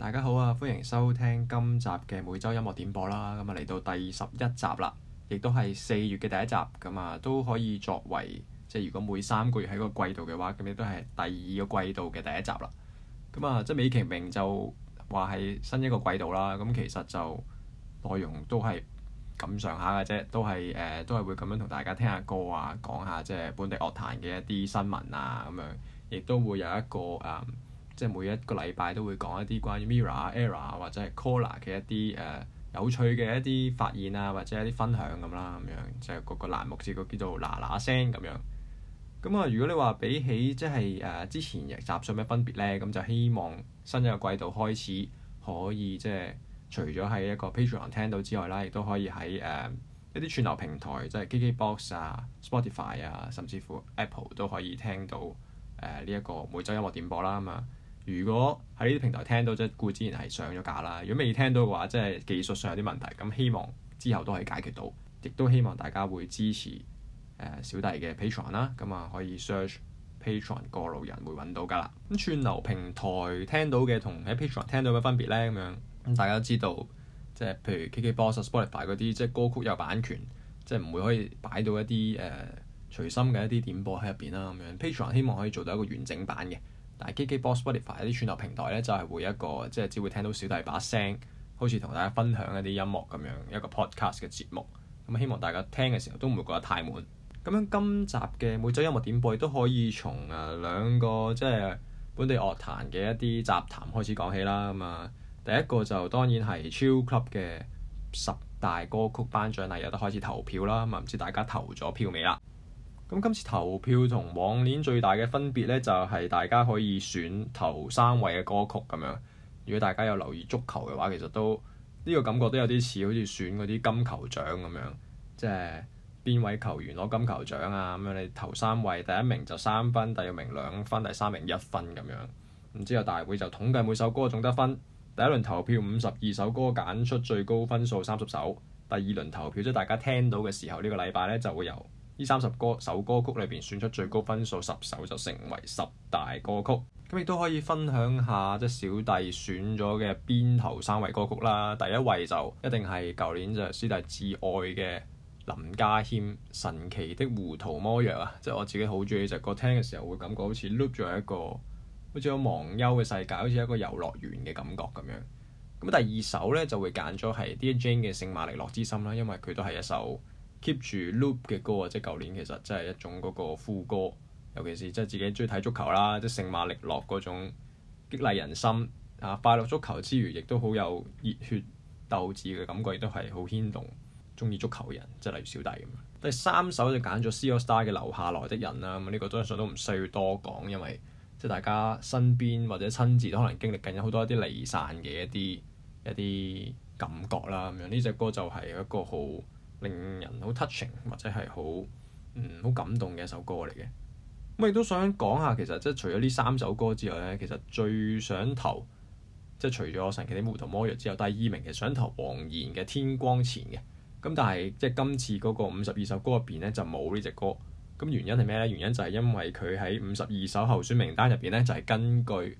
大家好啊，歡迎收聽今集嘅每周音樂點播啦，咁啊嚟到第十一集啦，亦都係四月嘅第一集，咁啊都可以作為即係如果每三個月喺個季度嘅話，咁亦都係第二個季度嘅第一集啦。咁啊，即係美其名就話係新一個季度啦，咁其實就內容都係咁上下嘅啫，都係誒、呃、都係會咁樣同大家聽下歌啊，講下即係本地樂壇嘅一啲新聞啊，咁樣亦都會有一個誒。呃即係每一個禮拜都會講一啲關於 MIRROR ERROR 或者係 COLLAR 嘅一啲誒、呃、有趣嘅一啲發現啊，或者一啲分享咁、啊、啦，咁樣，樣就個、是、個欄目叫個叫做嗱嗱聲咁樣。咁啊，如果你話比起即係誒之前嘅集有咩分別呢？咁就希望新一個季度開始可以即係、就是、除咗喺一個 Patreon 聽到之外啦，亦都可以喺誒、呃、一啲串流平台，即係 KKBOX 啊、Spotify 啊，甚至乎 Apple 都可以聽到誒呢一個每周音樂點播啦嘛。如果喺呢啲平台聽到，即係固之然係上咗架啦，如果未聽到嘅話，即係技術上有啲問題，咁希望之後都係解決到，亦都希望大家會支持誒、呃、小弟嘅 Patreon 啦，咁啊可以 search Patreon 過路人會揾到噶啦。咁串流平台聽到嘅同喺 Patreon 聽到嘅分別咧？咁樣，咁大家都知道即係譬如 KKBOX、oss，Spotify 嗰啲，即係歌曲有版權，即係唔會可以擺到一啲誒隨心嘅一啲點播喺入邊啦。咁樣 Patreon 希望可以做到一個完整版嘅。但係 KKBOX Spotify 啲串流平台咧，就係、是、會一個即係只會聽到小弟把聲，好似同大家分享一啲音樂咁樣一個 podcast 嘅節目。咁希望大家聽嘅時候都唔會覺得太悶。咁樣今集嘅每周音樂點播亦都可以從啊兩個即係本地樂壇嘅一啲雜談開始講起啦。咁、嗯、啊，第一個就當然係 Chill Club 嘅十大歌曲頒獎禮有得開始投票啦。咁啊唔知大家投咗票未啦？咁今次投票同往年最大嘅分別呢，就係、是、大家可以選投三位嘅歌曲咁樣。如果大家有留意足球嘅話，其實都呢、這個感覺都有啲似好似選嗰啲金球獎咁樣，即係邊位球員攞金球獎啊？咁樣你頭三位，第一名就三分，第二名兩分，第三名一分咁樣。咁之後大會就統計每首歌嘅總得分。第一輪投票，五十二首歌揀出最高分數三十首，第二輪投票即係、就是、大家聽到嘅時候，呢、這個禮拜呢就會有。呢三十歌首歌曲裏邊選出最高分數十首，就成為十大歌曲咁，亦都可以分享下即係小弟選咗嘅邊頭三位歌曲啦。第一位就一定係舊年就師弟至愛嘅林家謙神奇的胡桃魔藥啊！即係我自己好中意隻歌，就係聽嘅時候會感覺好似碌咗一個好似有忘憂嘅世界，好似一個遊樂園嘅感覺咁樣。咁第二首呢，就會揀咗係 Dear Jane 嘅聖馬力諾之心啦，因為佢都係一首。keep 住 loop 嘅歌啊，即係舊年其實真係一種嗰個副歌，尤其是即係自己中意睇足球啦，即係聖馬力諾嗰種激勵人心啊，快樂足球之餘，亦都好有熱血鬥志嘅感覺，亦都係好牽動中意足球嘅人，即係例如小弟咁。第三首就揀咗《C AllStar》嘅《留下來的人》啦，咁呢個都係上都唔需要多講，因為即係大家身邊或者親自都可能經歷緊有好多一啲離散嘅一啲一啲感覺啦。咁樣呢隻歌就係一個好，令人好 touching 或者係好嗯好感動嘅一首歌嚟嘅，咁亦都想講下其實即係除咗呢三首歌之外咧，其實最想投即係、就是、除咗神奇的木頭魔藥之後第二名其實、就是、想投黃妍嘅天光前嘅，咁但係即係今次嗰個五十二首歌入邊咧就冇呢隻歌，咁原因係咩咧？原因就係因為佢喺五十二首候選名單入邊咧就係、是、根據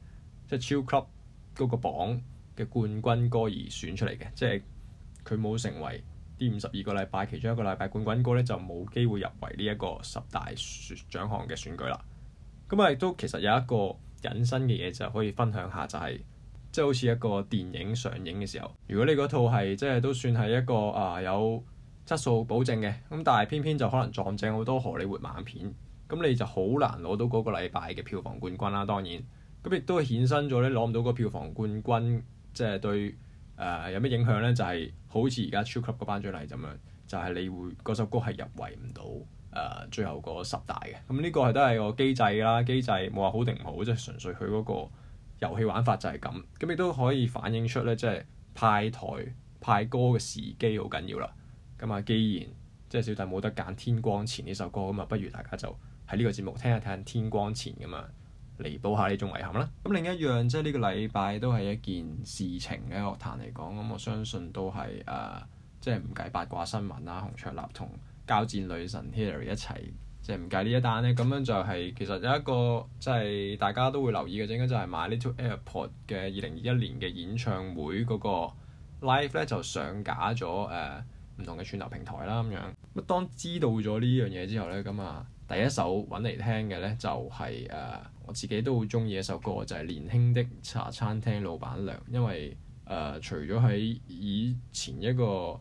即係 Chill Club 榜嘅冠軍歌而選出嚟嘅，即係佢冇成為。啲五十二個禮拜，其中一個禮拜，冠軍歌咧就冇機會入圍呢一個十大選獎項嘅選舉啦。咁啊，亦都其實有一個引申嘅嘢就可以分享下，就係即係好似一個電影上映嘅時候，如果你嗰套係即係都算係一個啊有質素保證嘅，咁但係偏偏就可能撞正好多荷里活猛片，咁你就好難攞到嗰個禮拜嘅票房冠軍啦。當然，咁亦都衍生咗咧，攞唔到個票房冠軍，即係對。誒、呃、有咩影響呢？就係、是、好似而家 Chill Club 個頒獎禮咁樣，就係、是、你會嗰首歌係入圍唔到誒最後個十大嘅。咁、嗯、呢、這個係都係個機制啦，機制冇話好定唔好，即係純粹佢嗰個遊戲玩法就係咁。咁亦都可以反映出呢，即係派台派歌嘅時機好緊要啦。咁、嗯、啊，既然即係、就是、小弟冇得揀《天光前》呢首歌，咁啊，不如大家就喺呢個節目聽下睇下《天光前》咁啊。彌補下呢種遺憾啦。咁另一樣即係呢個禮拜都係一件事情嘅。樂壇嚟講，咁我相信都係誒、呃，即係唔計八卦新聞啦，洪卓立同交戰女神 Hilary 一齊，即係唔計呢一單咧。咁樣就係、是、其實有一個即係、就是、大家都會留意嘅，陣間就係、是、My Little Airport 嘅二零二一年嘅演唱會嗰個 live 咧，就上架咗誒唔同嘅串流平台啦。咁樣，咁當知道咗呢樣嘢之後咧，咁啊～第一首揾嚟聽嘅呢，就係、是、誒、呃、我自己都好中意一首歌就係、是、年輕的茶餐廳老闆娘，因為誒、呃、除咗喺以前一個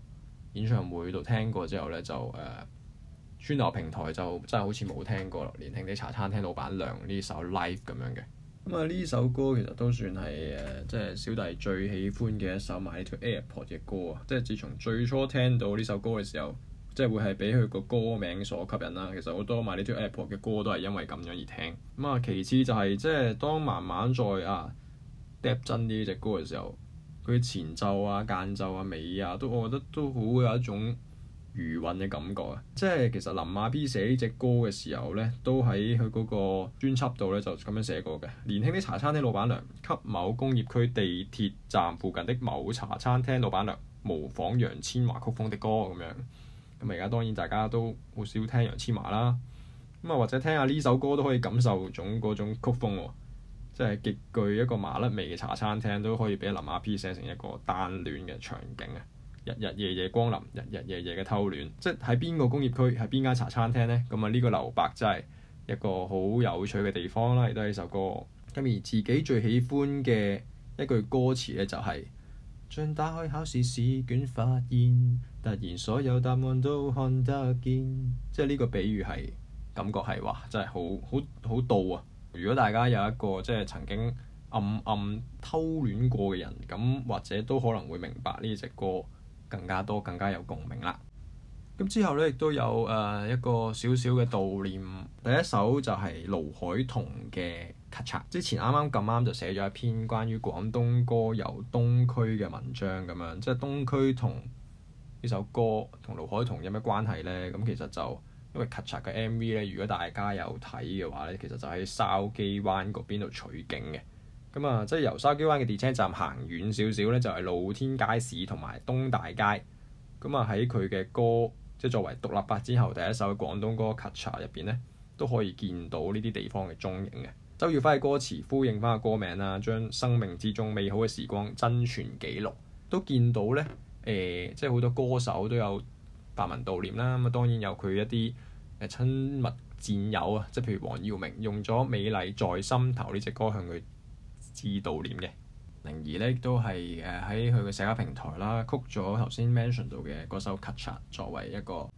演唱會度聽過之後呢，就誒串、呃、流平台就真係好似冇聽過年輕的茶餐廳老闆娘呢首 live 咁樣嘅。咁、嗯、啊呢首歌其實都算係誒、啊、即係小弟最喜歡嘅一首買咗 AirPod 嘅歌啊！即係自從最初聽到呢首歌嘅時候。即係會係俾佢個歌名所吸引啦、啊。其實好多買呢啲 Apple 嘅歌都係因為咁樣而聽咁啊。其次就係、是、即係當慢慢再啊 d e 真呢隻歌嘅時候，佢嘅前奏啊、間奏啊、尾啊，都我覺得都好有一種餘韻嘅感覺啊。即係其實林馬 B 寫呢隻歌嘅時候呢，都喺佢嗰個專輯度呢，就咁樣寫過嘅年輕啲茶餐廳老闆娘，給某工業區地鐵站附近的某茶餐廳老闆娘模仿楊千嬅曲風的歌咁樣。咁而家當然大家都好少聽楊千嬅啦，咁啊或者聽下呢首歌都可以感受種嗰種曲風喎、啊，即係極具一個麻甩味嘅茶餐廳都可以俾林阿 P 寫成一個單戀嘅場景啊，日日夜夜光臨，日日夜夜嘅偷戀，即係喺邊個工業區，喺邊間茶餐廳呢？咁啊呢個留白真係一個好有趣嘅地方啦，亦都係呢首歌。咁而自己最喜歡嘅一句歌詞呢、就係，就係，將打開考試試卷發現。突然，所有答案都看得見，即係呢個比喻係感覺，係話真係好好好到啊！如果大家有一個即係曾經暗暗偷戀過嘅人，咁或者都可能會明白呢隻歌更加多、更加有共鳴啦。咁之後咧，亦都有誒、呃、一個少少嘅悼念。第一首就係、是、盧凱彤嘅《咔嚓》。之前啱啱咁啱就寫咗一篇關於廣東歌由東區嘅文章，咁樣即係東區同。呢首歌同盧凱彤有咩關係呢？咁其實就因為咔嚓嘅 MV 咧，如果大家有睇嘅話咧，其實就喺筲箕灣嗰邊度取景嘅。咁、嗯、啊，即係由筲箕灣嘅地鐵站行遠少少咧，就係、是、露天街市同埋東大街。咁、嗯、啊，喺佢嘅歌，即係作為獨立八之後第一首廣東歌「咔嚓」入邊咧，都可以見到呢啲地方嘅蹤影嘅。周耀輝嘅歌詞呼應翻個歌名啊，將生命之中美好嘅時光真存記錄，都見到咧。誒、呃，即係好多歌手都有白文悼念啦，咁啊當然有佢一啲誒親密戰友啊，即係譬如黃耀明用咗《美麗在心頭》呢隻歌向佢致悼念嘅，靈兒 呢都係誒喺佢嘅社交平台啦，曲咗頭先 mention 到嘅嗰首《Catcher》作為一個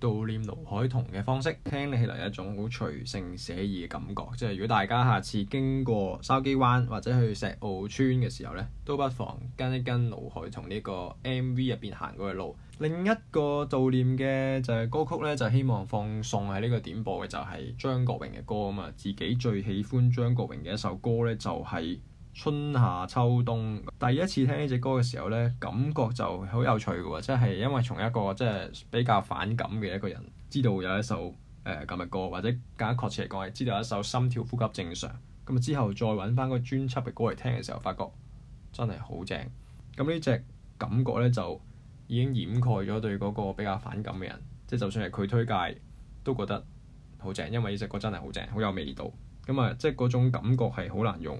悼念盧凱彤嘅方式，聽起嚟有一種好隨性寫意嘅感覺。即係如果大家下次經過筲箕灣或者去石澳村嘅時候咧，都不妨跟一跟盧凱彤呢個 M V 入邊行過嘅路。另一個悼念嘅就係歌曲咧，就希望放送喺呢個點播嘅就係張國榮嘅歌啊嘛。自己最喜歡張國榮嘅一首歌咧，就係、是。春夏秋冬，第一次聽呢隻歌嘅時候呢，感覺就好有趣嘅喎。即係因為從一個即係比較反感嘅一個人知道有一首誒呃、咁嘅歌，或者更加確切嚟講係知道有一首心跳呼吸正常咁。之後再揾翻個專輯嘅歌嚟聽嘅時候，發覺真係好正。咁呢隻感覺呢，就已經掩蓋咗對嗰個比較反感嘅人，即係就算係佢推介都覺得好正，因為呢隻歌真係好正，好有味道。咁啊，即係嗰種感覺係好難用。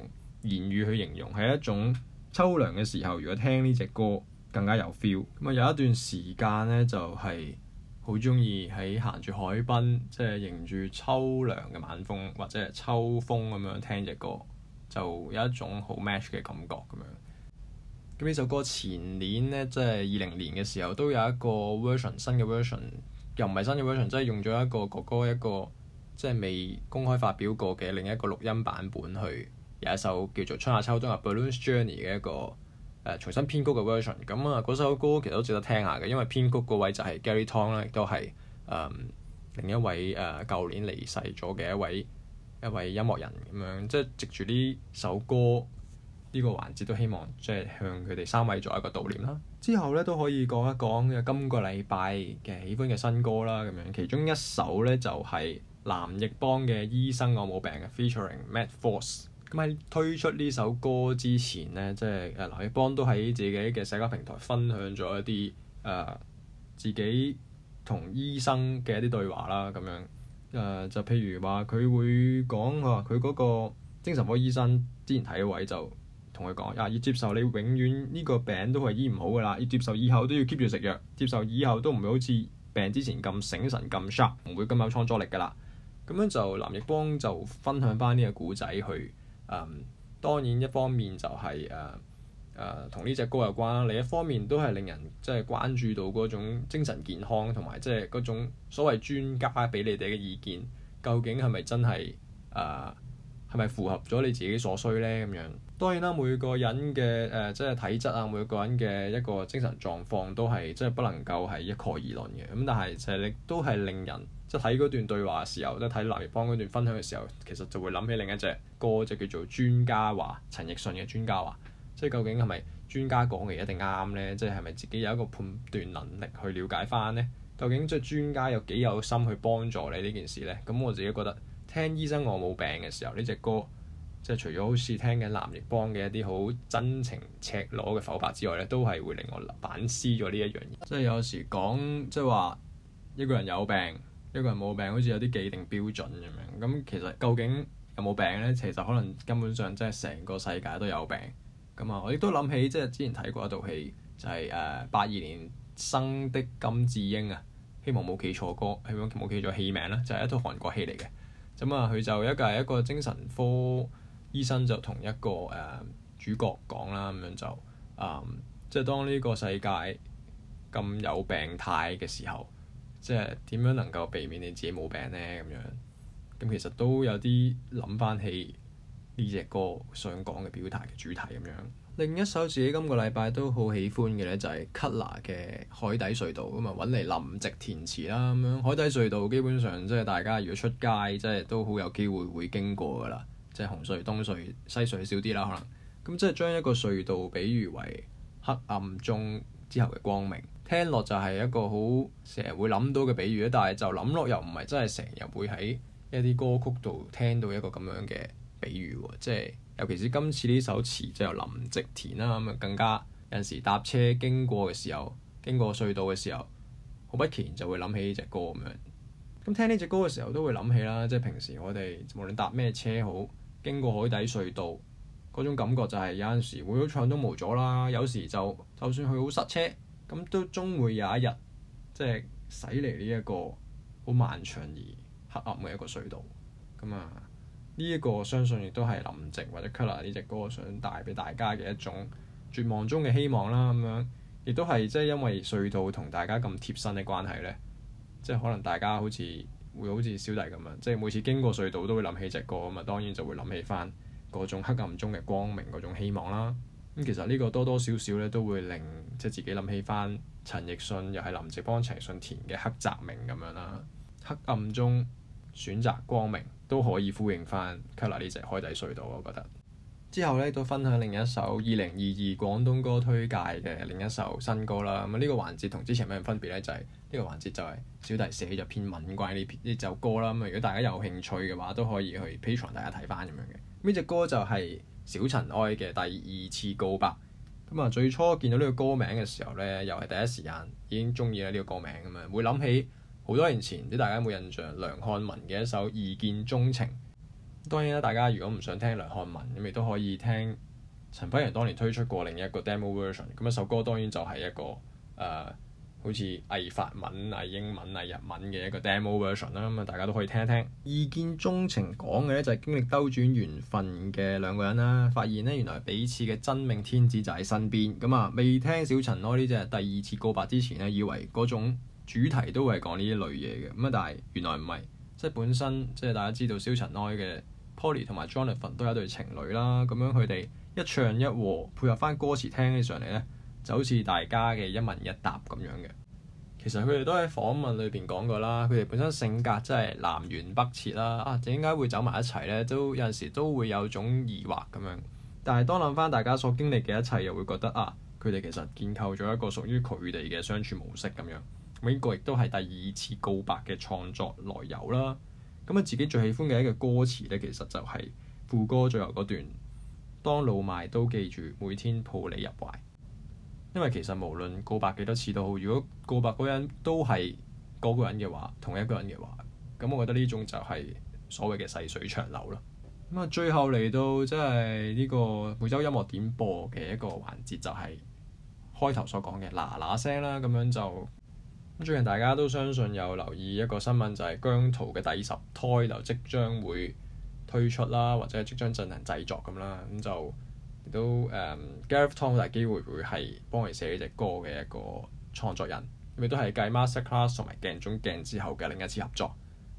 言語去形容係一種秋涼嘅時候。如果聽呢隻歌更加有 feel 咁啊，有一段時間呢，就係好中意喺行住海濱，即係迎住秋涼嘅晚風或者秋風咁樣聽隻歌，就有一種好 match 嘅感覺咁樣。咁呢首歌前年呢，即係二零年嘅時候，都有一個 version 新嘅 version，又唔係新嘅 version，即係用咗一個哥哥一個,一個即係未公開發表過嘅另一個錄音版本去。有一首叫做春夏秋冬嘅《Balloon Journey》嘅一個誒、呃、重新編曲嘅 version。咁啊，嗰首歌其實都值得聽下嘅，因為編曲嗰位就係 Gary Tong 啦，亦都係誒另一位誒舊、呃、年離世咗嘅一位一位音樂人咁樣。即係藉住呢首歌呢、呢個環節，都希望即係向佢哋三位做一個悼念啦。之後咧都可以講一講嘅今個禮拜嘅喜歡嘅新歌啦。咁樣其中一首咧就係南翼邦嘅《醫生我冇病》，featuring 嘅 Matt Force。咁喺推出呢首歌之前呢，即係誒藍奕邦都喺自己嘅社交平台分享咗一啲誒、呃、自己同醫生嘅一啲對話啦。咁樣誒、呃、就譬如話佢會講佢話佢嗰個精神科醫生之前睇位就，就同佢講啊，要接受你永遠呢個病都係醫唔好㗎啦，要接受以後都要 keep 住食藥，接受以後都唔會好似病之前咁醒神咁 sharp，唔會咁有創作力㗎啦。咁樣就藍奕邦就分享翻呢個故仔去。誒、嗯、當然一方面就係誒誒同呢隻歌有關啦，另一方面都係令人即係、就是、關注到嗰種精神健康同埋即係嗰種所謂專家俾你哋嘅意見，究竟係咪真係誒係咪符合咗你自己所需呢？咁樣當然啦，每個人嘅誒、呃、即係體質啊，每個人嘅一個精神狀況都係即係不能夠係一概而論嘅。咁但係就係都係令人。即係睇嗰段對話嘅時候，即係睇藍奕邦嗰段分享嘅時候，其實就會諗起另一隻歌，就叫做《專家話》，陳奕迅嘅《專家話》，即係究竟係咪專家講嘅一定啱咧？即係係咪自己有一個判斷能力去了解翻咧？究竟即係專家有幾有心去幫助你呢件事咧？咁我自己覺得聽醫生我冇病嘅時候，呢隻歌即係除咗好似聽緊藍奕邦嘅一啲好真情赤裸嘅浮白之外咧，都係會令我反思咗呢一樣嘢。 即係有時講，即係話一個人有病。呢個人冇病，好似有啲既定標準咁樣。咁其實究竟有冇病呢？其實可能根本上即係成個世界都有病。咁啊，我亦都諗起即係之前睇過一套戲，就係誒八二年生的金智英啊。希望冇記錯歌，希望冇記錯戲名啦。就係、是、一套韓國戲嚟嘅。咁啊，佢就一係一個精神科醫生就、呃就呃，就同一個誒主角講啦，咁樣就啊，即係當呢個世界咁有病態嘅時候。即係點樣能夠避免你自己冇病呢？咁樣？咁其實都有啲諗翻起呢隻歌想講嘅表達嘅主題咁樣。另一首自己今個禮拜都好喜歡嘅咧，就係 Kolor 嘅《海底隧道》咁、嗯、啊，揾嚟林夕填詞啦咁樣。海底隧道基本上即係大家如果出街，即係都好有機會會經過㗎啦。即係紅隧、東隧、西隧少啲啦可能。咁即係將一個隧道比喻為黑暗中之後嘅光明。聽落就係一個好成日會諗到嘅比喻，但係就諗落又唔係真係成日會喺一啲歌曲度聽到一個咁樣嘅比喻喎。即係尤其是今次呢首詞就、啊，就由林夕填啦，咁啊更加有陣時搭車經過嘅時候，經過隧道嘅時候，好不期然就會諗起呢隻歌咁樣。咁聽呢隻歌嘅時候都會諗起啦，即係平時我哋無論搭咩車好，經過海底隧道嗰種感覺就係有陣時會唱都暢都冇咗啦。有時就就算佢好塞車。咁都終會有一日，即係駛嚟呢一個好漫長而黑暗嘅一個隧道，咁啊，呢一個相信亦都係林夕或者 Keller 呢隻歌想帶畀大家嘅一種絕望中嘅希望啦，咁樣亦都係即係因為隧道同大家咁貼身嘅關係咧，即係可能大家好似會好似小弟咁啊，即係每次經過隧道都會諗起隻歌咁啊，當然就會諗起返嗰種黑暗中嘅光明嗰種希望啦。咁其實呢個多多少少咧都會令即係自己諗起翻陳奕迅，又係林夕幫陳奕迅填嘅《黑擇明》咁樣啦，黑暗中選擇光明都可以呼應翻卡拉呢隻海底隧道，我覺得。之後咧都分享另一首二零二二廣東歌推介嘅另一首新歌啦。咁、嗯、呢、呢個環節同之前有咩分別呢？就係、是、呢個環節就係小弟寫咗篇文怪呢呢首歌啦。咁、嗯、如果大家有興趣嘅話，都可以去 Patreon 大家睇翻咁樣嘅。呢隻歌就係小塵埃嘅第二次告白。咁啊，最初見到呢個歌名嘅時候呢，又係第一時間已經中意啦呢個歌名咁樣，會諗起好多年前，唔知大家有冇印象梁漢文嘅一首《二見鍾情》。當然啦，大家如果唔想聽梁漢文咁，亦都可以聽陳輝陽當年推出過另一個 demo version。咁一首歌當然就係一個誒。呃好似偽法文啊、偽英文啊、偽日文嘅一個 demo version 啦，咁啊大家都可以聽一聽。二見鍾情講嘅咧就係經歷兜轉緣分嘅兩個人啦，發現咧原來彼此嘅真命天子就喺身邊。咁啊未聽小塵埃呢隻第二次告白之前咧，以為嗰種主題都係講呢一類嘢嘅，咁啊但係原來唔係，即係本身即係大家知道小塵埃嘅 Polly 同埋 Jonathan 都係一對情侶啦，咁樣佢哋一唱一和配合返歌詞聽起上嚟咧。就好似大家嘅一問一答咁樣嘅。其實佢哋都喺訪問裏邊講過啦。佢哋本身性格真係南轅北轍啦。啊，點解會走埋一齊呢？都有陣時都會有種疑惑咁樣。但係當諗翻大家所經歷嘅一切，又會覺得啊，佢哋其實建構咗一個屬於佢哋嘅相處模式咁樣。咁呢個亦都係第二次告白嘅創作來由啦。咁啊，自己最喜歡嘅一個歌詞呢，其實就係副歌最後嗰段，當老邁都記住，每天抱你入懷。因為其實無論告白幾多次都好，如果告白嗰人都係嗰個人嘅話，同一個人嘅話，咁我覺得呢種就係所謂嘅細水長流啦。咁啊、嗯，最後嚟到即係呢個每周音樂點播嘅一個環節，就係開頭所講嘅嗱嗱聲啦。咁樣就咁最近大家都相信有留意一個新聞，就係、是、姜濤嘅第十胎就即將會推出啦，或者係即將進行製作咁啦。咁就。都誒、um，Gareth.T 好大機會會係幫佢寫呢隻歌嘅一個創作人，咁亦都係繼 Masterclass 同埋鏡中鏡之後嘅另一次合作。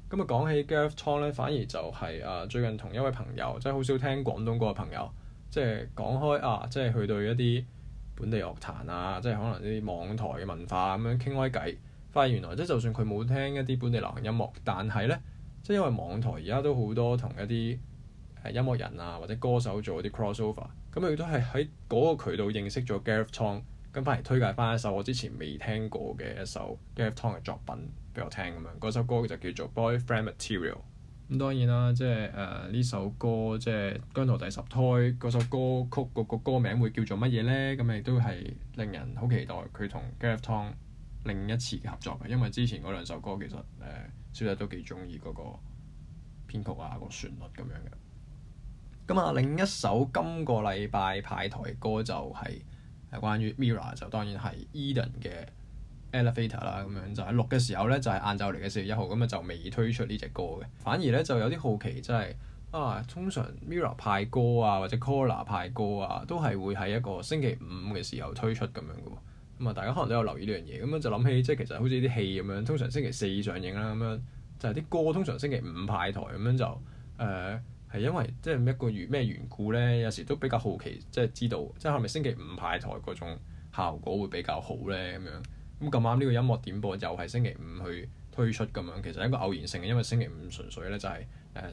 咁啊講起 Gareth.T 咧，反而就係、是、啊最近同一位朋友，即係好少聽廣東歌嘅朋友，即係講開啊，即係去到一啲本地樂壇啊，即係可能啲網台嘅文化咁、啊、樣傾開偈。發現原來即係就算佢冇聽一啲本地流行音樂，但係咧，即係因為網台而家都好多同一啲。係音樂人啊，或者歌手做啲 crossover，咁佢都係喺嗰個渠道認識咗 Gareth Tong，咁翻嚟推介翻一首我之前未聽過嘅一首 Gareth Tong 嘅作品俾我聽咁樣。嗰首歌就叫做 Boyfriend Material。咁、嗯、當然啦，即係誒呢首歌即係姜濤第十胎嗰首歌曲嗰、嗰個歌名會叫做乜嘢咧？咁亦都係令人好期待佢同 Gareth Tong 另一次嘅合作嘅，因為之前嗰兩首歌其實誒、呃、小弟都幾中意嗰個編曲啊、嗰個旋律咁樣嘅。咁啊，另一首今個禮拜派台歌就係、是、係關於 MIRROR，就當然係 Edan 嘅 Elevator 啦，咁樣就喺、是、錄嘅時候呢，就係晏晝嚟嘅四月一號，咁啊就未推出呢隻歌嘅，反而呢就有啲好奇，真、就、係、是、啊，通常 MIRROR 派歌啊，或者 Collar 派歌啊，都係會喺一個星期五嘅時候推出咁樣嘅喎，咁啊大家可能都有留意呢樣嘢，咁啊就諗起即係其實好似啲戲咁樣，通常星期四上映啦，咁樣就係、是、啲歌通常星期五派台咁樣就誒。呃係因為即係一個如咩緣故咧，有時都比較好奇，即係知道即係係咪星期五派台嗰種效果會比較好咧？咁樣咁咁啱呢個音樂點播又係星期五去推出咁樣，其實一個偶然性嘅，因為星期五純粹咧就係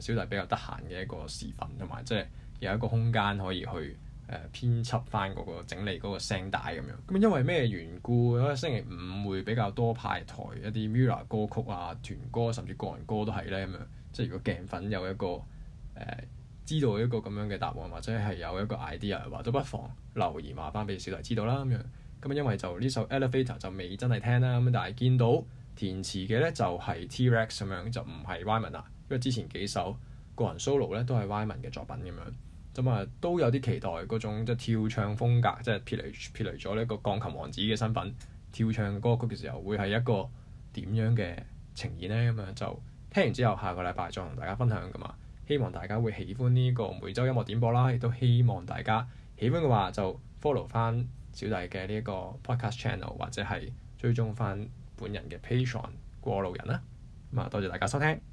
誒小弟比較得閒嘅一個時分，同埋即係有一個空間可以去誒編輯翻嗰個整理嗰個聲帶咁樣。咁因為咩緣故咧？因為星期五會比較多派台一啲 MIRROR 歌曲啊、團歌甚至個人歌都係咧咁樣。即係如果鏡粉有一個。知道一個咁樣嘅答案，或者係有一個 idea，話都不妨留言話翻俾小弟知道啦。咁樣咁因為就呢首、e 就《Elevator》就未真係聽啦。咁但係見到填詞嘅呢，就係、是、T Rex 咁樣，就唔係 Wyman 啦，因為之前幾首個人 solo 呢，都係 Wyman 嘅作品咁樣。咁啊都有啲期待嗰種即係、就是、跳唱風格，即、就、係、是、撇離撇離咗呢個鋼琴王子嘅身份跳唱歌曲嘅時候，會係一個點樣嘅呈現呢？咁樣就聽完之後，下個禮拜再同大家分享噶嘛。希望大家會喜歡呢個每周音樂點播啦，亦都希望大家喜歡嘅話就 follow 翻小弟嘅呢個 podcast channel 或者係追蹤翻本人嘅 Patreon 過路人啦。咁多謝大家收聽。